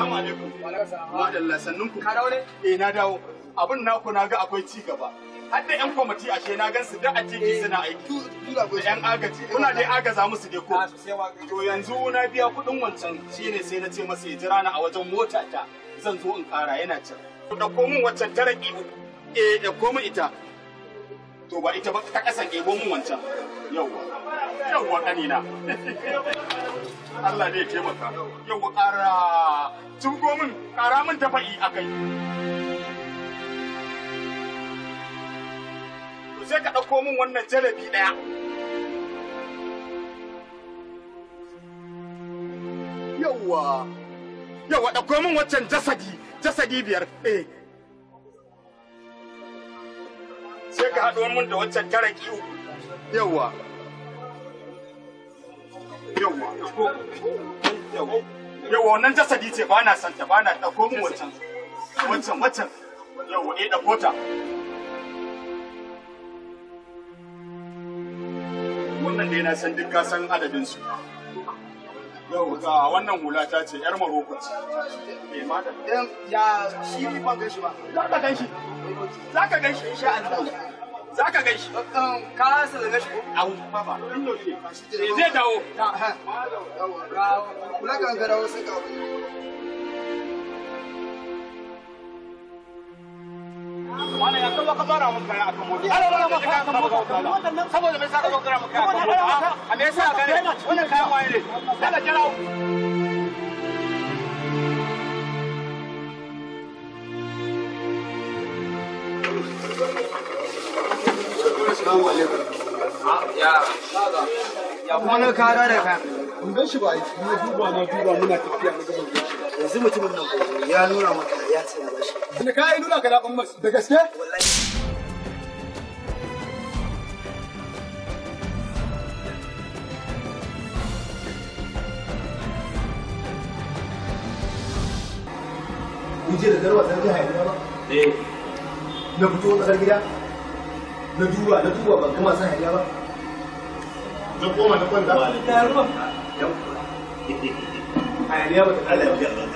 Assalamu alaikum. ku. Ka dawo ne? Eh na dawo. Abin naku na ga akwai ci gaba. Har da 'yan kwamiti ashe na gan su da a ciki suna eh, aiki. Da 'yan agaji. Kuna dai agaza musu dai ko. Ah, to yanzu na biya kuɗin wancan ne sai na ce masa ya jira na a wajen mota ta. Zan zo in ƙara yana can. Ku ɗauko wancan waccan taraki. Eh ɗauko min ita. to ba ita ba ta kasa ɗebo mun wancan yawwa yawwa na Allah ne ya taimaka yawwa ƙara tungo min ƙara min dafa'i a kai to sai ka ɗauko min wannan jalabi ɗaya yawwa yawwa ɗauko min wancan jasadi jasadi biyar eh sai ka haɗo mun da waccan tara kiwo Yawwa, yawwa, yawwa, wannan jasadi ce ba na santa ba na ɗauko mun waccan waccan waccan yawa eh ɗauko ta wannan dai na san duk ka san adadin su yau ga wannan hula ta ce yar maroko ce eh madam dan ya shi ban gan shi ba za ka gan shi za ka gan shi insha Allah za ka gan shi um, ka sa da shi au baba ba yau eh, zai dawo ta ha ga hula gangara wasu wani ya kawo ka bara mun kaya akan mota ala wala maka akan mota saboda bai saka zo kira mun kaya akan mota a me yasa gare wannan kayan waye ne daga jarawo Assalamu alaikum. Ya, ya kuma na kara da ka. Mun gan shi ba, mun duba na duba muna tafiya na gaban gashi. yanzu mutumin nan ya nuna maka ya tsaya ba shi da ka yi nuna ka da kwambas da gaske wallahi je da garwa dan jiha ne ba eh na fito tsakar gida na duba na duba ban gama san hanya ba na koma na kwanta ba da ruwa hayaniya ba ta kala ba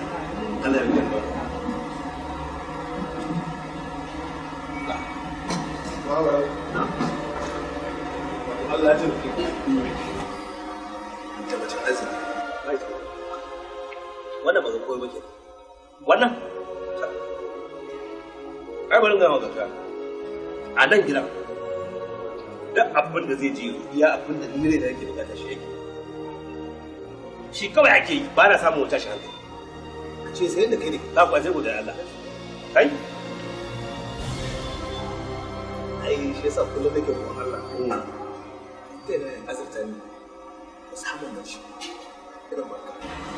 Allah ya wannan ba ba ke wannan ai a nan duk abin da zai ji ya abin da nire da yake bukata shi shi kawai ake yi ba samun wuta shi hankali ce sai da kai ne ku aje guda Allah kai ai shi yasa kullum nake ko Allah kai hmm. ne azurta ne ba samu da shi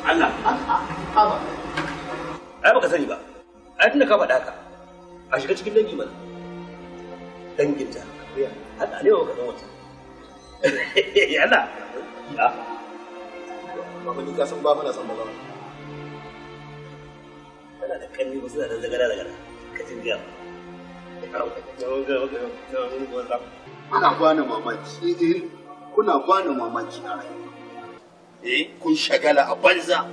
Allah ha ah, ah, ah, ba ai baka sani ba ai tunda ka faɗa ka a shiga cikin dangi mana danginta hada alewa ka dan wata yana ba ni ka san ba san ba tana da kanni ba suna da zagara zagara ka jin gaya Kuna bani mamaki, eh, eh, kuna bani mamaki a rayuwa. Eh, kun shagala a banza,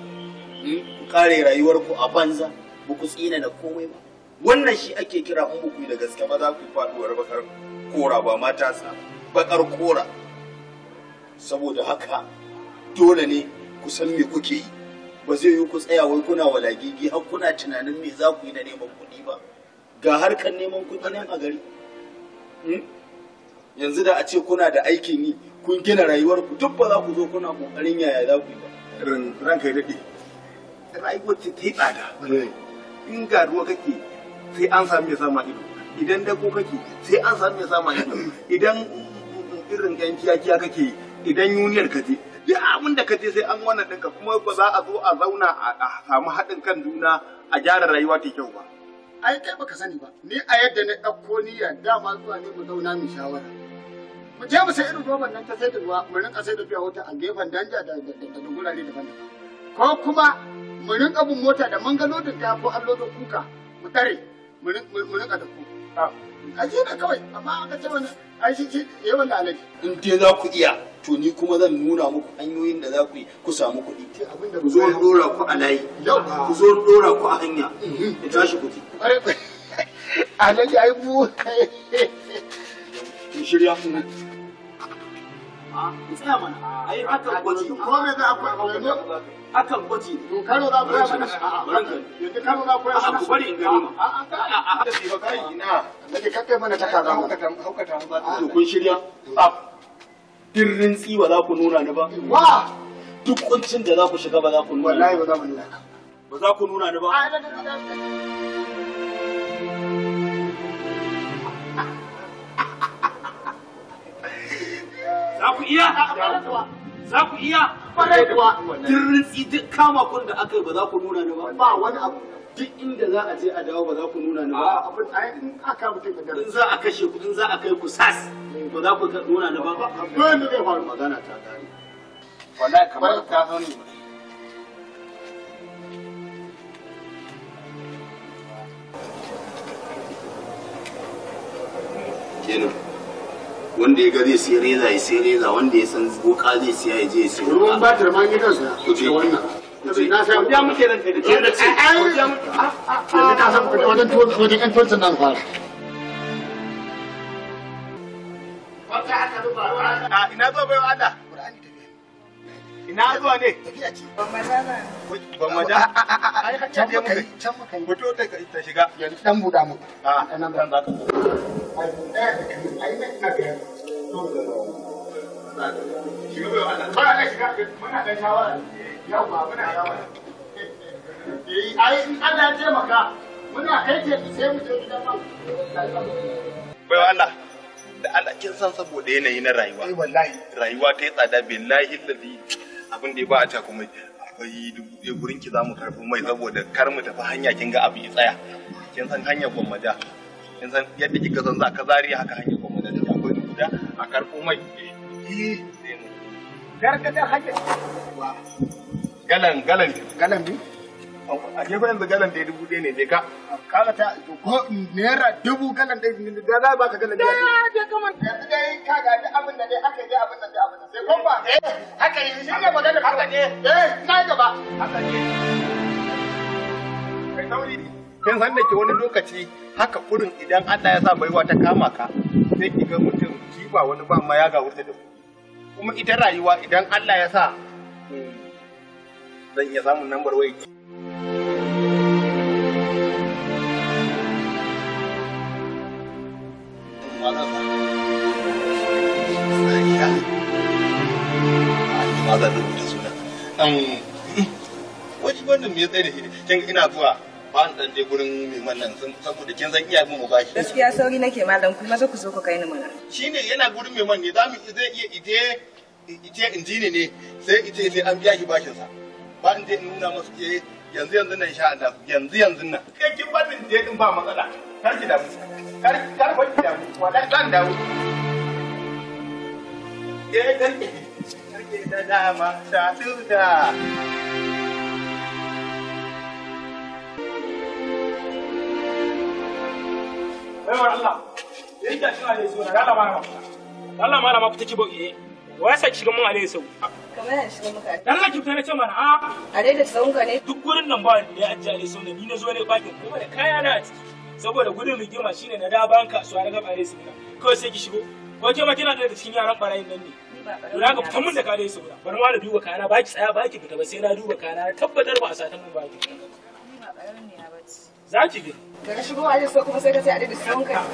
hmm, kun kare rayuwarku a banza, ba ku tsina da komai ba. Wannan shi ake kira in ku da gaske ba za ku faduwar bakar kora ba mata sa, bakar kora. Saboda haka dole ne ku san me kuke yi. ba zai yi ku tsaya wai kuna walagigi har kuna tunanin me za ku yi na neman kuɗi ba ga harkar neman kuɗi nan a gari hmm? yanzu da a ce kuna da aikin yi kun gina rayuwar ku duk ba za ku zo kuna kokarin yaya za ku yi ba ranka ya daɗe rayuwar ce ta yi tsada eh. in ga ruwa kake sai an sami ya sama ido idan da ko kake sai an sami ya sama ido idan irin yan kiyakiya kake idan yuniyar ka je duk abin da ka je sai an wannan ɗinka kuma ba za a zo a zauna a samu haɗin kan juna a gyara rayuwa ta kyau ba. Ai kai baka sani ba, ni a yadda na ɗauko niyya dama zuwa ne mu zauna mu shawara. Mu je mu sai irin roban nan ta sai da ruwa mu rinƙa sai da biya wata a gefen danja da gurare daban-daban. Ko kuma mu rinƙa bin mota da mangalo da ta ko allo da kuka mu tare mu rinƙa da ku. Ajiye na kawai amma aka ce wani ai shi ce yawan da alaji. In dai za ku iya. to ni kuma zan nuna muku hanyoyin da za ku yi ku samu kuɗi ku zo dora ku a layi ku zo dora ku a hanya mhm. ku tashi kuɗi ah, ah. a koya mana ku a a a a duk ba za ku nuna ni ba wa duk kuncin da za ku shiga ba za ku nuna wallahi ba za mu nuna ba za ku nuna ni ba za ku iya za ku iya kwarai kuwa duk rintsi duk kama kun da aka yi ba za ku nuna ni ba ba wani abu duk inda za a je a dawo ba za ku nuna ni ba in za a kashe ku in za a kai ku sas ba za ku nuna da ba don da zai faru magana ta gane wallahi kamar ka sani kenan wanda ya ga zai sai reza ya sai reza wanda ya san goka zai siya ya je ya sai ruwan ba ta ma ni kansa ku je wannan na san ya muke ranka da ke da ce ai ya muke a a a na san ku wajen tuwon wajen kan tuwon nan a A ah, ina zuwa bai Allah. Ina zuwa ne? Tafiya ce. Ban Ban madana. ka can muka yi. Can da ta shiga. Yanzu dan buɗa mu. A ah. nan nan za ka zo. Ai na ina ga. Shiga bai Allah. Ba na shiga. Muna dan shawara. Yau ba muna shawara. Eh, ai Allah ya taimaka. Muna kai ce sai mu je gidan nan. Bai Allah. da Allah kin san saboda yanayi na rayuwa eh wallahi rayuwa ta yi tsada billahi ladhi abin da ya ba a ta kuma akwai dubu ɗaya gurin ki zamu karɓi mai saboda kar mu tafi hanya kin ga abu ya tsaya kin san hanyar da. kin san yadda kika san za ka zari haka hanyar da ta akwai dubu da a karfi mai eh, eh. gargadar hanyar galan galan galan bi? a je fa yanzu galan ɗaya dubu ɗaya ne je ka kaga ta ko naira dubu galan ɗaya ne da za ba ka galan ɗaya da ka man yanzu dai ka ga duk abin da dai aka je abin da abin da sai kun ba eh haka yi shi ne magana haka ne eh na gaba haka ne kai tauri kin san da ke wani lokaci haka kurin idan Allah ya sa baiwa ta kama ka sai ki ga mutum kiba wani ba ma ya ga wurta da kuma ita rayuwa idan Allah ya sa hmm, zan iya samun lambar waya kin ina zuwa ba dan nan gaskiya sauri nake malam ku maza ku zo ku kai ni mana shine yana gurin liman ne mu zai iya ije ije injini ne sai ije sai an biya shi bashin sa ba in nuna masa eh, yanzu yanzu nan sha Allah yanzu yanzu nan kai kin barin je din ba matsala kar ki damu kar kar ba ki damu wallahi dan damu eh dan ki kar ki da dama sha tuda Baiwar Allah, da yake shi ne suna, Allah ma na mafuta. Allah ma na mafuta ki bo bauye. Eh. wa ya saki shiga mun alai sau kamar yana shiga maka dan zaki fita na ce mana a a dai da tsawon ka ne duk gurin nan ba da ya ajiye alai sau da ni na zo ne bakin kuma da kaya na a ciki saboda gudun rigima shine na da ban kasuwa na gaba alai sau kawai sai ki shigo ko ke ma kina da cikin yaran barayin nan ne Dura ga fitan mun da kare su guda. Bar ma na duba kayana baki tsaya baki fita ba sai na duba kayana tabbatar ba a satan mun baki. Za ki gani. Daga shigo a yau sai kuma sai ka sai a da sun kai.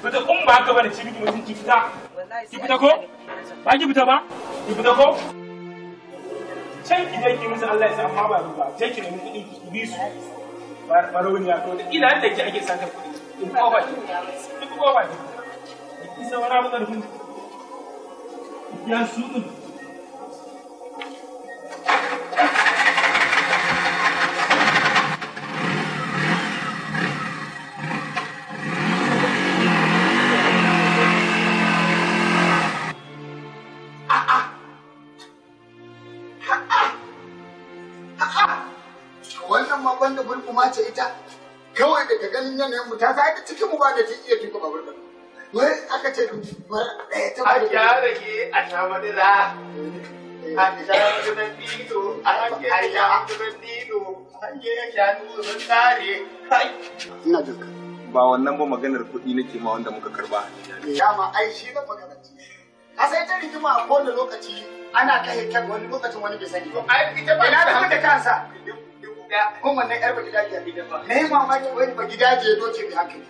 fita in ba ka bane ci miki mutunci fita ki fita ko ba ki fita ba ki fita ko can ki je ki musu Allah ya sa amma ba ruwa je ki nemi kuɗi ki bi su barauniya to da ina da ki ake saka kuɗi in ko ba ki ki ko ba ki ki saurara mu karfin ya su Wannan ma banda burkuma ce ita, kawai daga ganin yanayin mu ta zaɗi cikin mu ba da ta iya tuka babur ba. Wai aka ce ɗaya ta bada. A kya rage a sha madara. A sha madara dino, a hanke ya madara dino, hanke ya sha nuna tsare. Ina jinka. Ba wannan ba maganar kuɗi nake ma wanda muka karba. Dama ai shi na magana ce. Ka sai ta rigima a kowane lokaci ana kai hita wani lokacin wani bai sani ai ita ba ina da da kansa kuma wannan yar ba gidaje a gidan ba me mamaki wani ba gidaje ya doce mai hankali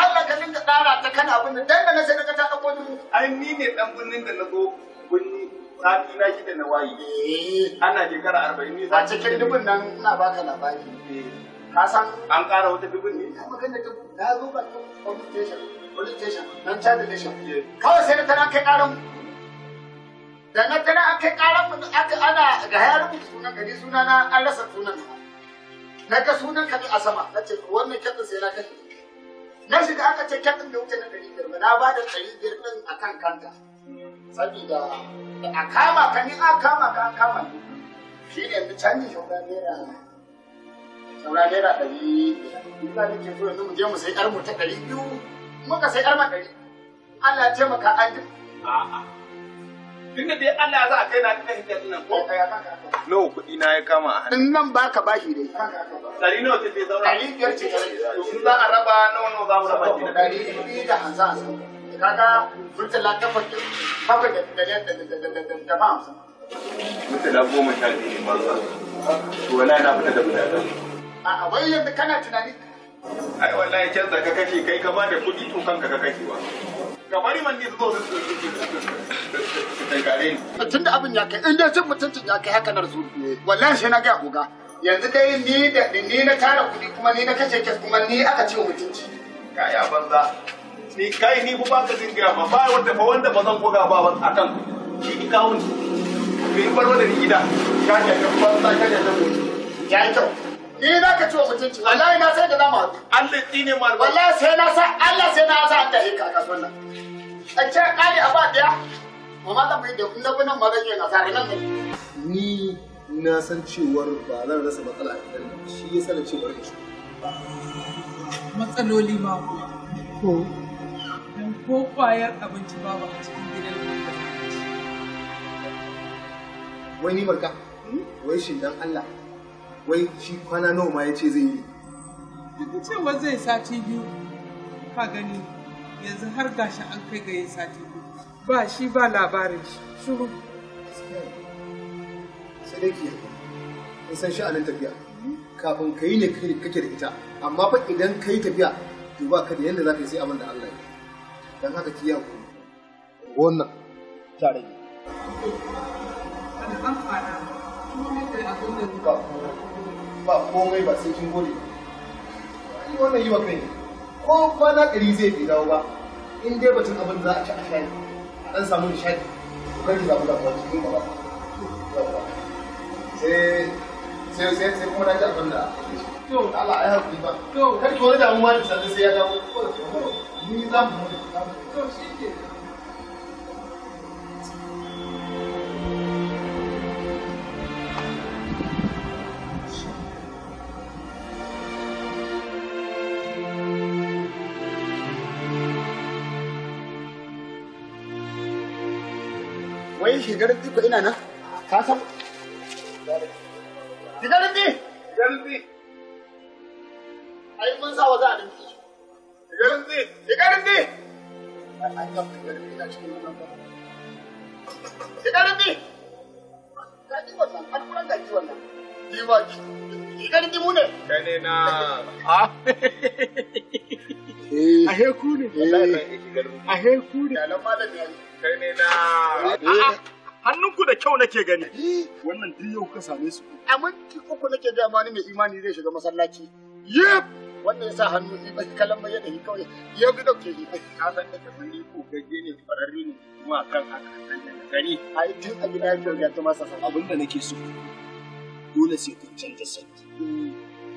Allah ka dinga tsara ta kana abin da dan da na sai ka ta dauko ni ai ni ne dan birnin da na zo birni sati na da na wayi eh. ana shekara 40 ne a cikin dubin nan ina baka labari eh. ka san an ƙara wata dubin ne kuma kan da ta zo ba police station police station nan charge station eh. kawai sai da tana kai ƙaran da na tare a kai karan mu aka ana ga ya rubuta sunan ka ni suna na an rasa sunan ka na ga sunan ka a sama na ce wannan kyatin sai na kashe na shiga aka ce kyatin da wuce na ɗari biyar ba na ba da ɗari biyar ɗin a kan kanta saboda a kama ka ni a kama ka an kama ni shi ne mu canji shauran naira shauran naira ɗari biyar ina nake so yanzu mu je mu sai ƴar ta ɗari biyu muka sai ƴar ma ɗari Allah ya taimaka an ji a'a Tunda dai Allah za a kai na kai da nan ko kai haka. Nawa kuɗi na ya kama a hannun. Nan baka bashi dai. Dari nawa take zaura? Dari biyar ce. To sun za a raba nawa nawa za mu raba ki da dari biyu da hamsin. Kaga murtala takwas bakwai da da da da da da da ba hamsin. Murtala goma sha biyu ne marasa. To wala na fita da guda ɗaya. A'a wai yanzu kana tunani. Ai wallahi canza ka kashe kai ka da kuɗi to kanka ka wa. gabari man ne zo su tun da abin ya kai inda dai mutuntun mutuncin ya kai haka na rasu wallahi sai na ga koga? yanzu dai ni da ni na tara kuɗi kuma ni na kace kes kuma ni aka ce mutunci kaya banza ni kai ni ba ka jin gaya ba ba wanda ba wanda ba zan goga ba akan shi kawun ni bar wanda ni gida ya ya banza ya ya ya ya kyau. ni eh, na ka ciwo mutunci wallahi na sai da na ma Allah tsine ma wallahi sai na sa Allah sai na sa an da hika kasuwan nan a ce kali a ba daya mama ta bai da kun da kunan ma zan na sare nan ni na san cewar ba zan rasa matsala a gidan nan shi yasa da cewar shi matsaloli ma ko dan ko kwayar abinci ba ba a cikin gidan wai ni marka hmm? wai shin dan Allah wai shi kwana nawa ma ya ce zai yi duk cewa zai sati biyu ka gani yanzu har gashi an kai ga yin sati biyu ba shi ba labarin shi shuru sai dai ki in san shi anan tafiya kafin ka yi ne kake da ita amma fa idan ka yi tafiya to ba ka da yadda za ka yi sai abin da Allah ya don haka ki yi hakuri wannan ta rage ba ba komai ba sai kin gode ai wannan yi wa kai ko kwana ɗari zai bi dawo ba in dai batun abin za a ci a shayi a ɗan samu nishaɗi ko kar ki zaɓi da kuma cikin gaba sai sai sai kuma na ji abin da to Allah ya haƙuri ba to kar ki wani damuwa da sannan sai ya dawo ko ni za mu to shi ke wai shigar ko ina nan ka san shigar ɗi shigar ɗi ai mun sa waza a nan shigar ɗi shigar ɗi shigar ɗi gaji wannan an kuran gaji wannan jiwa ne na ahe ahe ne Kai ne na. Hannunku da kyau nake gani. Wannan duk yau ka same su. A minti uku nake gaya ma ni mai imani zai shiga masallaci. Yep. Wannan ya sa hannu ni bai kalan bai yadda kawai ya bi dauke ni. Ka san daga wani ko gaje ne fararri ne kuma kan haka gani. Ai tun a gida ya ta masa san abin da nake so. Dole sai kun canza sanki.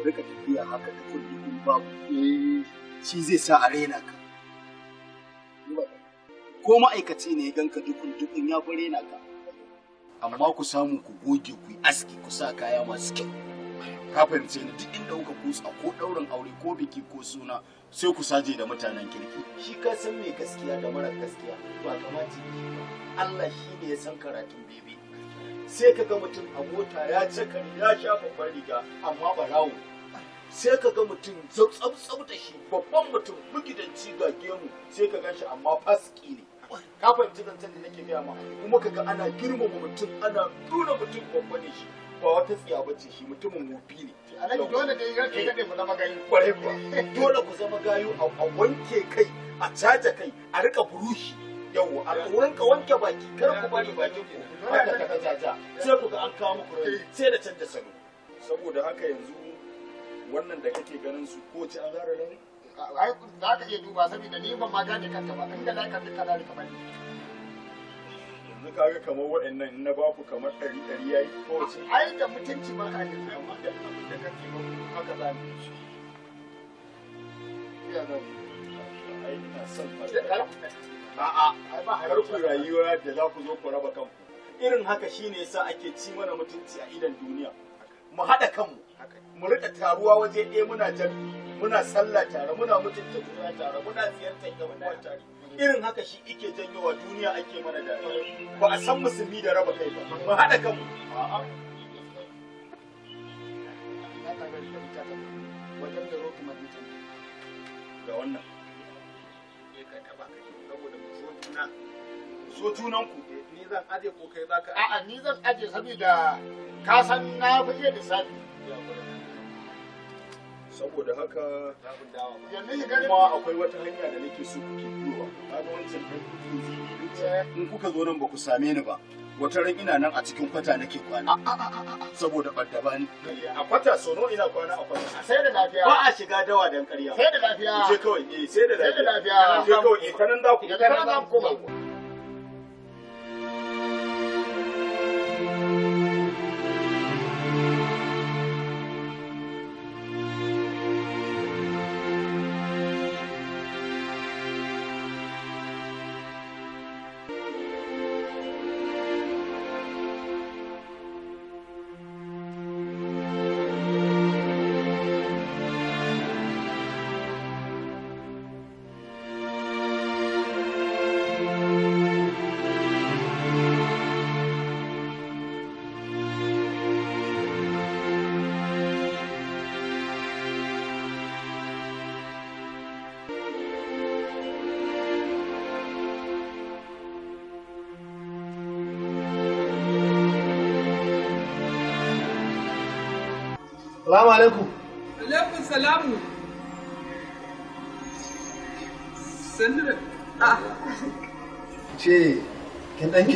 Rika tafiya haka da kulli babu. Eh. Shi zai sa a raina ka. ko ma'aikaci ne gan ka dukun dukun ya bare na ka amma ku samu ku goge ku aski ku sa kaya masu kyau ka fahimci ni duk inda kuka kusa ko daurin aure ko biki ko suna sai ku saje da mutanen kirki shi ka san me gaskiya da mara gaskiya ba kamata Allah shi ne ya san karatun bebe sai ka ga mutum a mota ya cakari ya sha babbar riga amma rawo sai ka ga mutum tsabtsab da shi babban mutum magidanci ga gemu sai ka gan shi amma faski ne ka fahimci zancen da nake gaya ma kuma kaga ana girmama mutum ana nuna mutum babba ne shi ba wata tsiya ba ce shi mutumin wofi ne alhaji dole ne ya kaɗe mu zama gayu kwarai kuwa dole ku zama gayu a wanke kai a caja kai a rika burushi yawo a rinka wanke baki kar ku bari bakin ku haka ta jaja sai ku ga an kawo muku rai sai da canja salo saboda haka yanzu wannan da kake ganin su ko ci an gara ne ai za ka iya duba saboda ni ban ma gane kanka ba inda lai kan duka da kamar ni yanzu ka ga kamar wa'annan na ba ku kamar ɗari ɗari yayi ko ai da mutunci ba ka yi amma da abin da kake ba haka za mu shi ya ga ai ina son a'a kar ku rayuwa da za ku zo ku raba kanku irin haka shine yasa ake ci mana mutunci a idan duniya mu haɗa kanmu mu riƙa taruwa waje ɗaya muna jami'i muna sallah tare muna mutunta juna tare muna ziyartar yan uwa tare irin haka shi ike janyo wa duniya ake mana da ba a san musulmi da raba kai ba mu haɗa kanmu wajen da rotu madintan ga wannan ya ka taba ka saboda mu so juna ku ni zan aje ko kai zaka a'a ni zan aje saboda ka san na fi iya lissafi saboda haka kuma akwai wata hanya da nake so kuke biyowa kaga wancan dan kuke in kuka zo nan ba ku same ni ba wata ran ina nan a cikin kwata nake kwana saboda baddaba ni a kwata sono ina kwana a kwata sai da lafiya ba a shiga dawa dan ƙarya sai da lafiya je kawai eh sai da lafiya sai da lafiya je kawai eh ta nan za ku ta nan za ku koma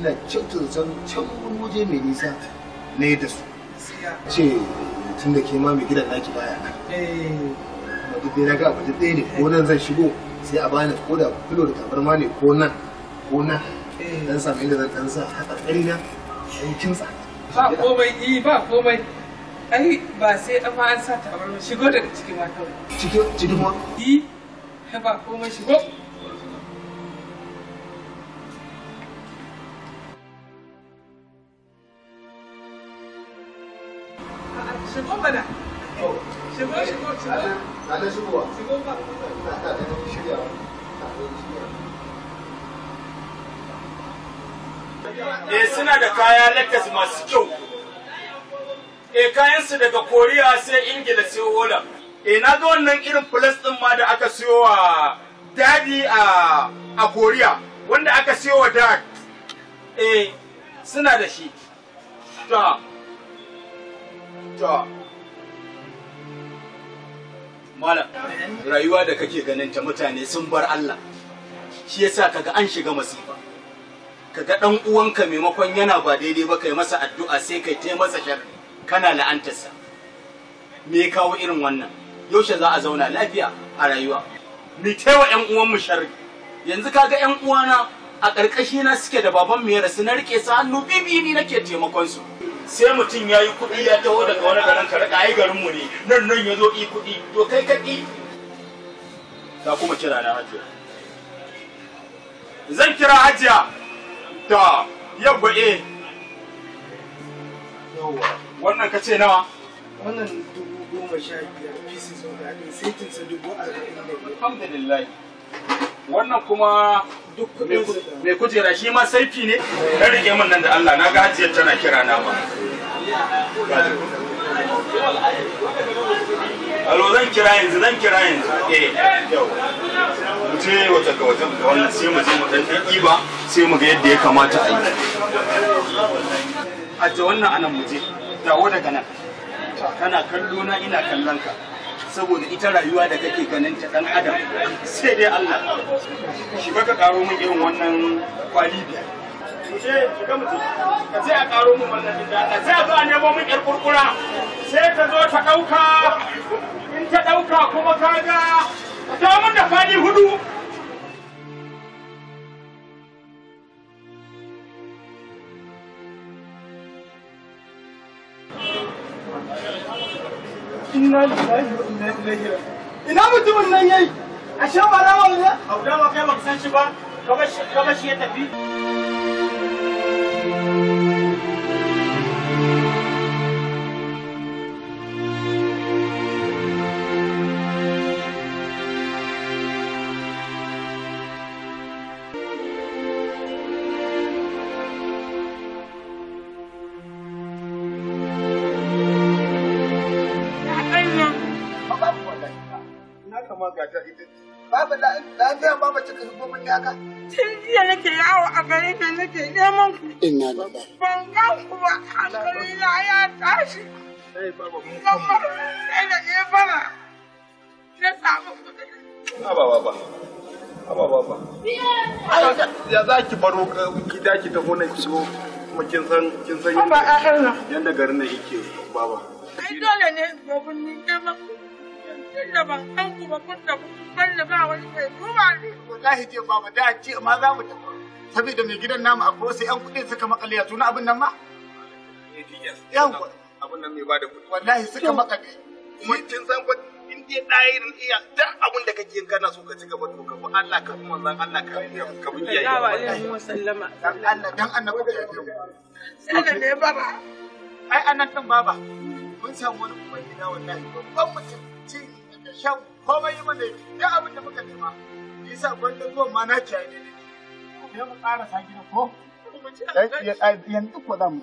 ina cikin san can wani waje mai nisa na da su ce tun da ke ma mai gidan naki baya nan ba duk dai ga abuja ɗaya ne ko nan zan shigo sai a bani ko da filo da tabarma ne ko nan ko nan dan sami inda zan dan sa hatsari na yi kinsa ba komai yi ba komai ai ba sai an ma an sa tabarma shigo daga cikin ma kawai cikin cikin ma yi ba komai shigo mana oh. shigo shigo shigo shigo ba ta Eh suna da kaya lakas masu kyau. Eh kayansu daga Koriya sai Ingila sai Holland. Eh na ga wannan irin plus ɗin ma da aka siyo wa dadi a a Koriya wanda aka siyo wa dad. Eh suna da shi. Ta. Ta. malam rayuwa da kake ganin ta mutane sun bar Allah shi yasa kaga an shiga masifa kaga dan uwanka maimakon yana ba daidai ba kai masa addu'a sai kai tai masa shar kana la'antarsa me ya kawo irin wannan yaushe za a zauna lafiya a rayuwa mu taiwa yan uwan mu yanzu kaga yan uwana a ƙarƙashina suke da baban mu ya rasu na rike su hannu bibi ni nake taimakon su sai mutum ya yi kuɗi ya taho daga wani garin ka rika ai garin mu ne nan nan ya zo i kuɗi to kai kaɗi ta kuma kira na hajiya zan kira hajiya ta yabba e wannan ka ce nawa wannan dubu goma sha biyar pieces of that saitin sa dubu arba'in da biyar alhamdulillah wannan kuma mai kujera shi ma saifi ne dan rike min nan da Allah na ga hajiyar tana kira na ba alo zan kira yanzu zan kira yanzu eh yau mu ce wata ga wata wannan sai mu je mu dan ba sai mu ga yadda ya kamata a yi a wannan anan mu je dawo daga nan kana kallo na ina kallon ka saboda ita rayuwa da kake ganin ta dan adam sai dai Allah shi baka karo min irin wannan kwali biya ka ce a karo min wannan dinda ka sai a zo a nemo min yar kurkura sai ta zo ta dauka in ta dauka kuma kaga ta mun da fadi hudu ina mutumin nan yayi ashe ba rawa ne abu da kai baka san shi ba ka shi ya tafi wallahi baba da na ba ba ba ba ba ba baro gida ki tafi nan ki so kuma kin san kin san yanda garin nan yake baba ai dole ne gobe ni kai ba ba kun da ban da ba wani mai duba ne wallahi je baba da ce ma za mu tafi saboda mai gidan namu akwai wasu yan kuɗi suka makale ya tuna abin nan ma eh, yawwa abun nan mai ba da kuɗi wallahi suka maka bi kuma kin san ko in dai ɗayirin iya duk abun da kake yin kana so ka ci gaba to ka bi Allah ka bi manzon Allah ka bi ka bi iyaye Allah alaihi wasallama dan Allah dan annabi da yake sai da ne baba ai annan din baba mun samu wani kuma gida wallahi babban mutum ci da shan komai mana duk abin da muka nema yasa gwanda zuwan ma na kiyaye ne ne mu ƙara sa gida ko yanzu ko za mu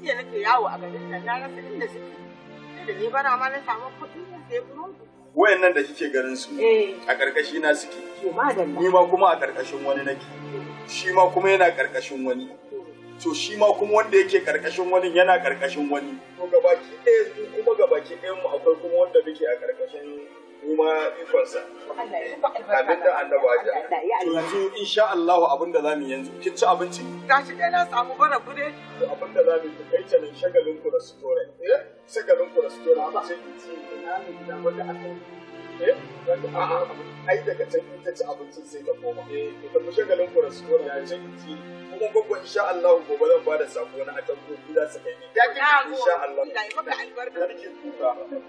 Jiya nake yawo a garin nan na rasa inda suke. da ni bara ma na samu kuɗi na da kike garin su eh. a ƙarƙashi na suke. Ni ma kuma a ƙarƙashin wani nake. Shi ma kuma yana ƙarƙashin wani. To shi ma kuma wanda yake ƙarƙashin wani yana ƙarƙashin wani. To gabaki ɗaya su kuma gabaki ɗayan mu akwai kuma wanda muke a ƙarƙashin kuma ikonsa abin da annaba ja to yanzu insha Allah abin da zamu yanzu kin ci abinci gashi dai na samu bara bude abin da zamu yi kai canin shagalin ku restaurant eh shagalin ku restaurant ba sai ki ci ina ne da wanda aka eh a'a ai daga can in ta ci abincin sai ta koma eh ki tafi shagalin ku restaurant ya ce ki ci kuma gogo insha Allah gobe zan bada sako na atamko ku za su kai ni ya ki insha Allah da ki albarka kuka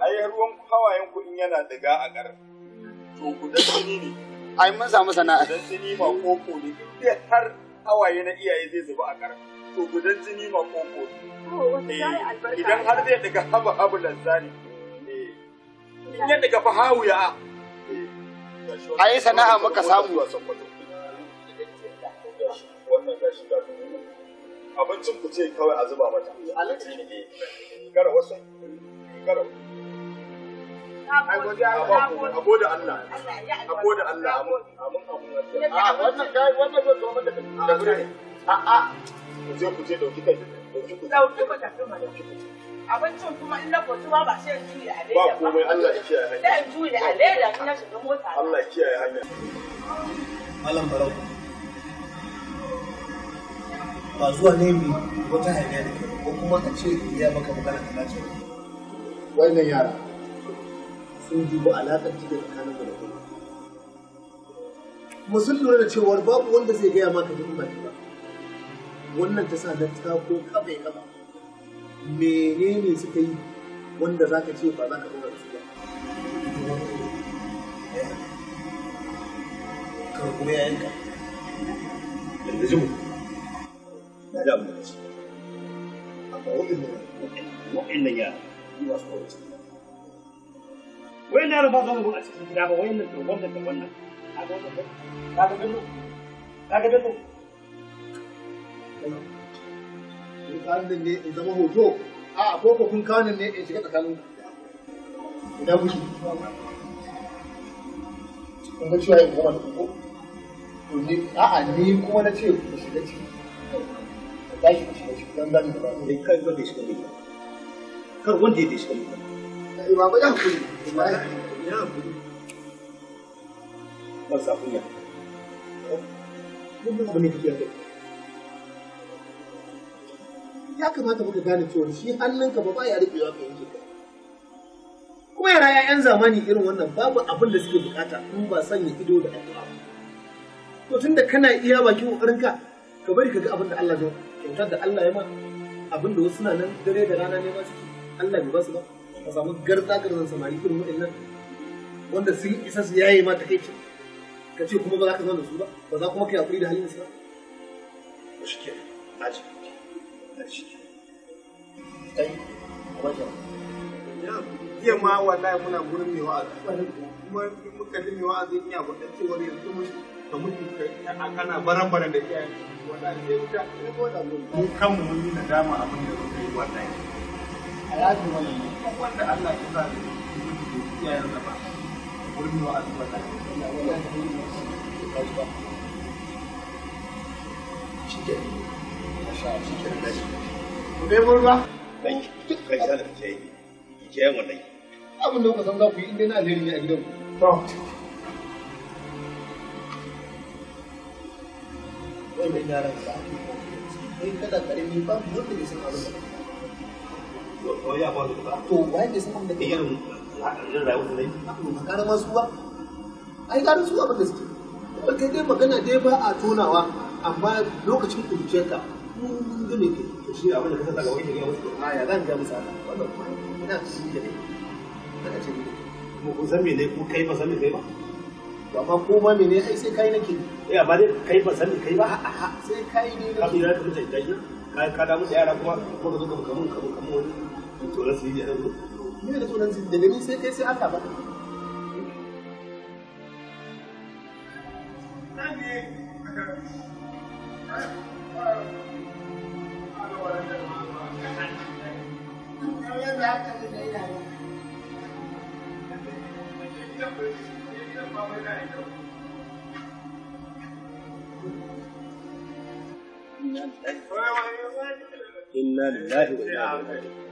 ai ruwan hawayen kuɗin yana daga a ƙar to gudan ne ai mun samu sana'a Dan jini ma koko ne duk har hawaye na iyaye zai zuba a ƙar to gudan jini ma koko ne eh, idan har zai daga haba abu lanzani eh. in ya daga ya. Eh. ai sana'a muka samu wannan gashi da abincin ku ce kawai a zuba mata. Alaƙi ne. Gara wasu. garau a gode Allah a da Allah a ah, wannan kai wannan zo mata da gure a a ku ku je dauki kai dauki ku dauki ku abincin kuma in na kwaci ma ba sai a leda ba komai Allah ya kiyaye hanya sai juye a leda in na shiga mota Allah ya kiyaye hanya malam barau ba zuwa ne mai wata hanya ne ko kuma ka ce ya maka magana ta lafiya wannan yara sun dubu alaƙar cikin tsakanin mu da kuma kuma sun lura da cewar babu wanda zai gaya maka duk ba ba wannan ta sa na ko kafa kafa menene suka yi wanda za ka ce ba za ka su ba kuma jimu na da yara yi wasu kawai ciki wayan da ba zama cikin gida ba wayan da wannan in kanin ne in zama hoto a ko ko kun kanin ne in shiga tsakanin idan kuke kun ga cewa ko to ni ni kuma na ce ku shiga ciki shiga ciki dan da kai zo da shiga ciki kar wanda ya shi eh, mu ba ba ya kuri ba ya kuri ba sa kunya duk abin da kike yi ya kamata muka gane cewa shi hannunka ba ba ya rufewa ka yanke ka kuma yara yan zamani irin wannan babu abin da suke bukata in ba sanya ido da addu'a to tunda kana iya bakin kokarinka ka bari ka ga abin da Allah zai kyautar da Allah ya ma abin da wasu na nan dare da rana ne ma suke Allah bai basu ba ka samu garza garzan samari irin waɗannan wanda sun isa su yaye ma takaicin ka ce kuma ba za ka zauna su ba ba za kuma ka yaƙuri da halin sa ba shi ke na ji na shi ke kai wajen jiya ma wallahi muna gurin mai wa'azi kuma in muka ji mai a ina gwada cewar yanzu ka mutu ka kana baran-baran da abin da muka yi a yaji mana Allah sa da iyayen da abin da kuka san za ku yi inda na alheri ne a gidanku to wai mai yaran sa kai kada karimi ba mu da sun abin da wani ya ba wani ba to waye ke san abin da ke irin irin rayuwar da yake a ƙara masu ba ai ƙara su abin da suke ba kai dai magana ba a tonawa amma lokacin kurciyarka mun gane ke shi abin da ka saka wani ya musu a ya zan ga musu wannan kuma ina ci da ne mu ku san me ne ku kai ba san me kai ba to ko ma mene ai sai kai nake eh amma dai kai ba san kai ba a'a sai kai ne nake ka bi da mutum da ka ka da musu yara kuma ko ka zo kamun kamun kamun wani to su yi a yanzu ne da sunan zai daga ni sai kai sai aka ba إنا لله وإنا إليه راجعون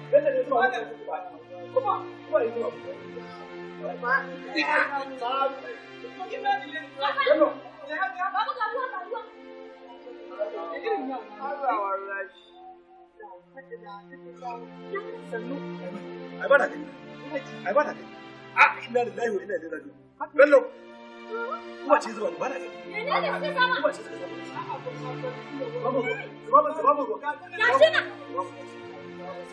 Ai ce Ya na.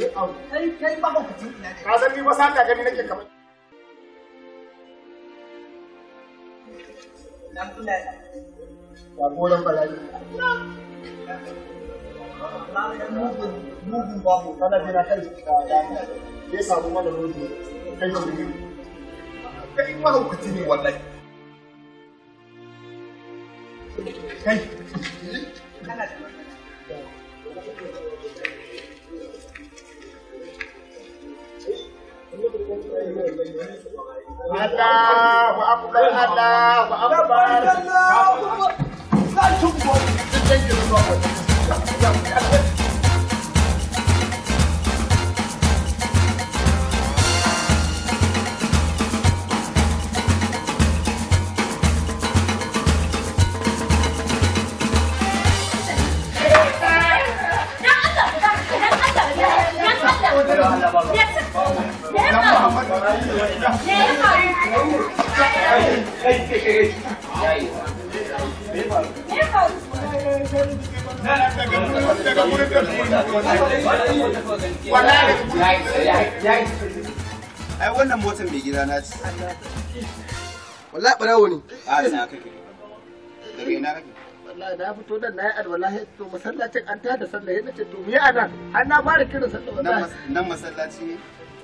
Eh, au. Kai kai ba ka ci ina ne. Ka san ni ba gani nake kamar. kula. goran Mugun mugun kana jira ka samu mana mugun kai Kai ma ne wallahi. Kai. Kana da Allahu akbar Allahu akbar Allahu akbar Me ya Me wannan motar mai gida na ce. Wallahi barawo ne. A ina kake. Daga wallahi na fito nan na yi alwala to masallacin an tada sallah ya nace to me anan har na fara kiran sallah wallahi nan masallaci ne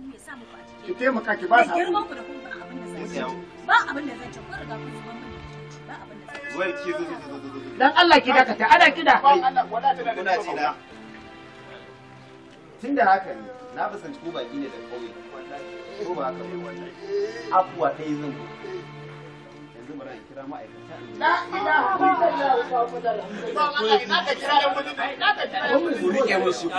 hannu ya sa ba sa. ba Ba Ba Dan Allah ki dakata ana kida. Ba Allah Tun da haka ne na fuskanci ko baki ne da kauye. Ko ba haka ne wallahi. Afuwa ta yi zan yanzu bari in kira ma'aikata. Na ina ku kira da kudin. Ku rike musu.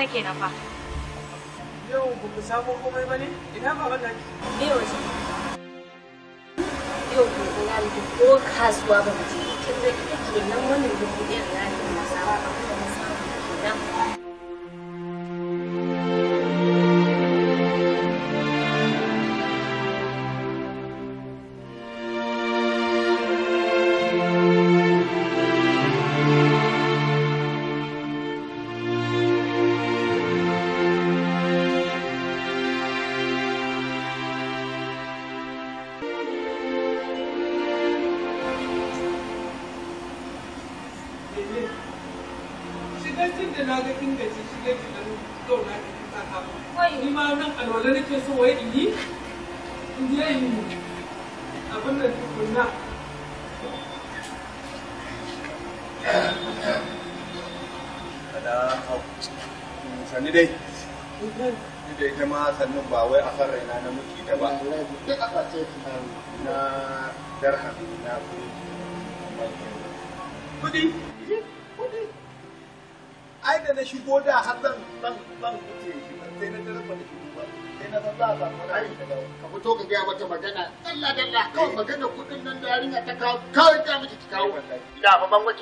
waje kenan fa. Yau ku samu komai bane ne? Ina ba wannan ki? ko ko kasuwa ba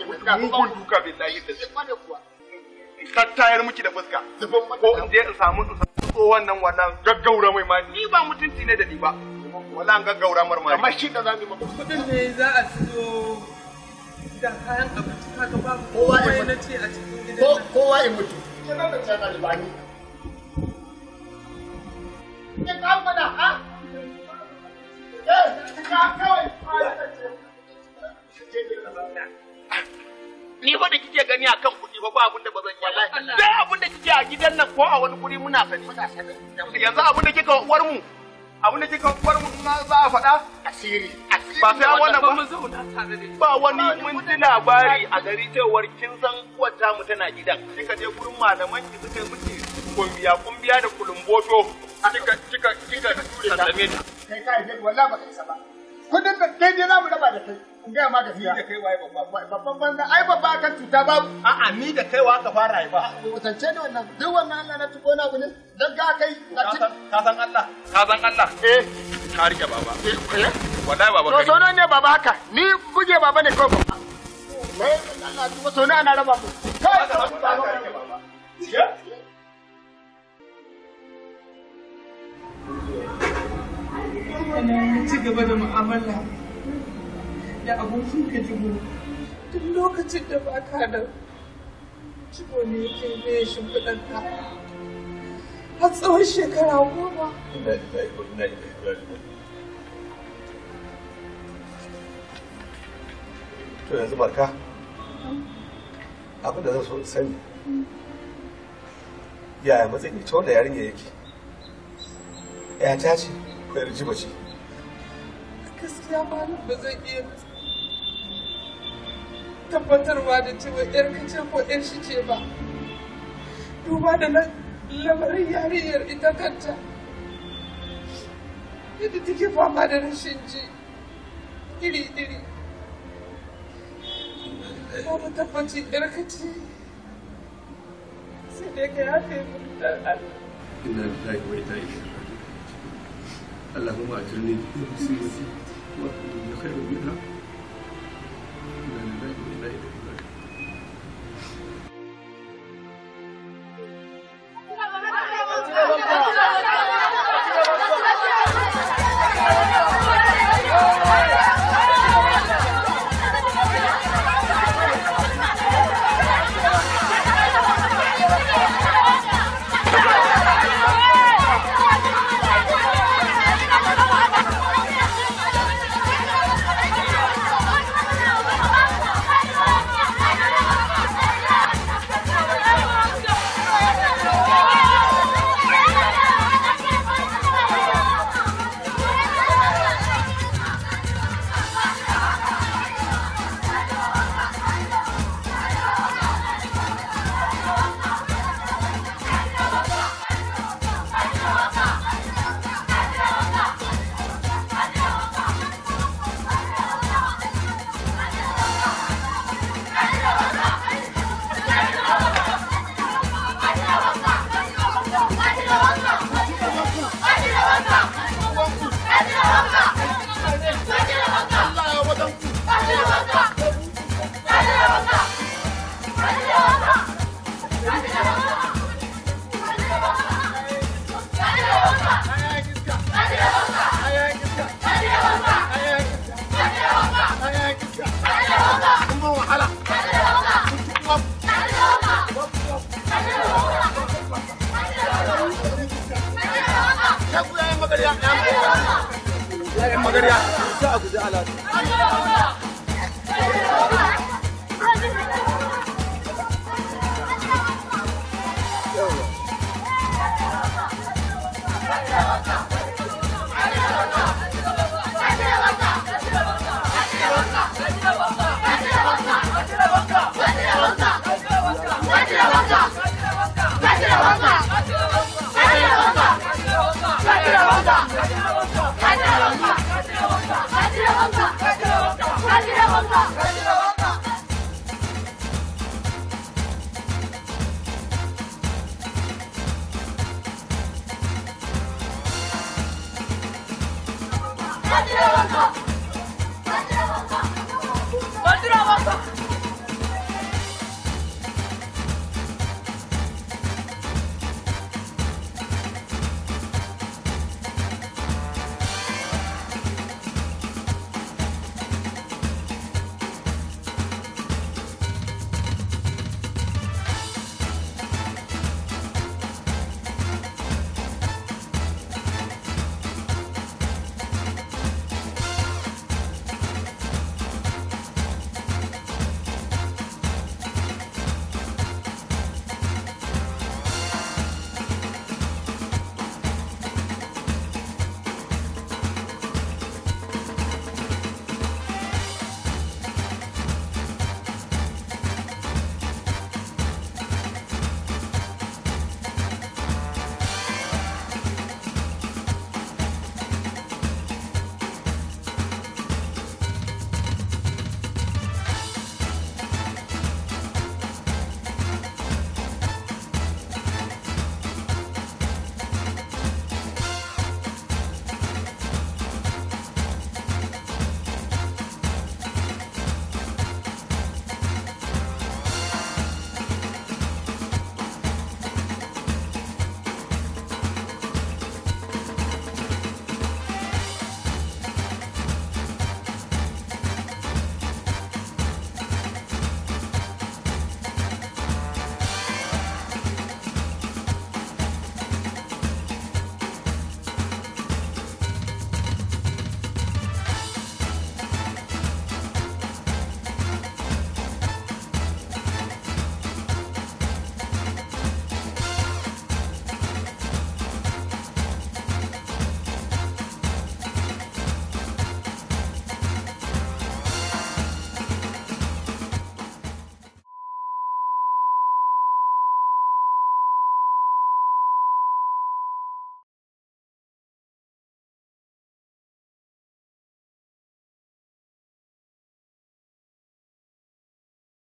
mugun miki da fuska ko in je in samu in samu wannan wannan gaggaura mai ma ni ba mutunci ne da ni ba wala an gaggaura marmari amma shi da zamu za a siyo da kayan abinci kowa kowa ya mutu da da bani eh, ni fa da kike gani akan kuɗi fa ba abin da ba zan yi dai abin da kike a gidan nan ko a wani guri muna sani yanzu abin da kika uwar mu abin da kika uwar mu na za a faɗa asiri ba sai wannan ba ba wani mun ji labari a gari cewar kin san wata mu tana gidan kika je gurin malaman ki suka miki kumbiya kumbiya da kulumboto kika kika kika sallame ta kai kai wallahi ba kai sa ba kudin da daidai za mu raba da kai in gaya ma gaskiya. Ni da kai waye babba. Babban banza ai babba kan cuta ba. A'a ni da kai wa ka fara haifa. Wutance ne wannan duk wannan Allah na tuko na ne dan ga kai a cikin. Ka san Allah. Ka san Allah. Eh. Ka rike baba. Eh. eh? Wallahi baba kai. To sono ne baba haka ni guje baba ne kawai. Wai Allah tuko sono ana raba mu. Kai ka rike baba. Ya. Ana ci gaba da mu'amala da abokin gajinmu duk lokacin da ba ka nan ciko ne yake mai shimfiɗanka har tsawon shekara goma. To yanzu barka abin da zan so sani yaya matsayin ita wanda yarinya yake ya ta ce ko yarji ba ce gaskiya malam ba zan iya tabbatarwa da cewa yar kace ko yar shi ce ba duba da lamarin yarinyar ita kanta yadda take fama da rashin ji iri-iri ba mu tabbaci yar kace sai dai ka yafe mu mutar Allah inna lillahi wa inna ilaihi raji'un اللهم اجرني في مصيبتي واخرجني خيرا منها you in eventually later.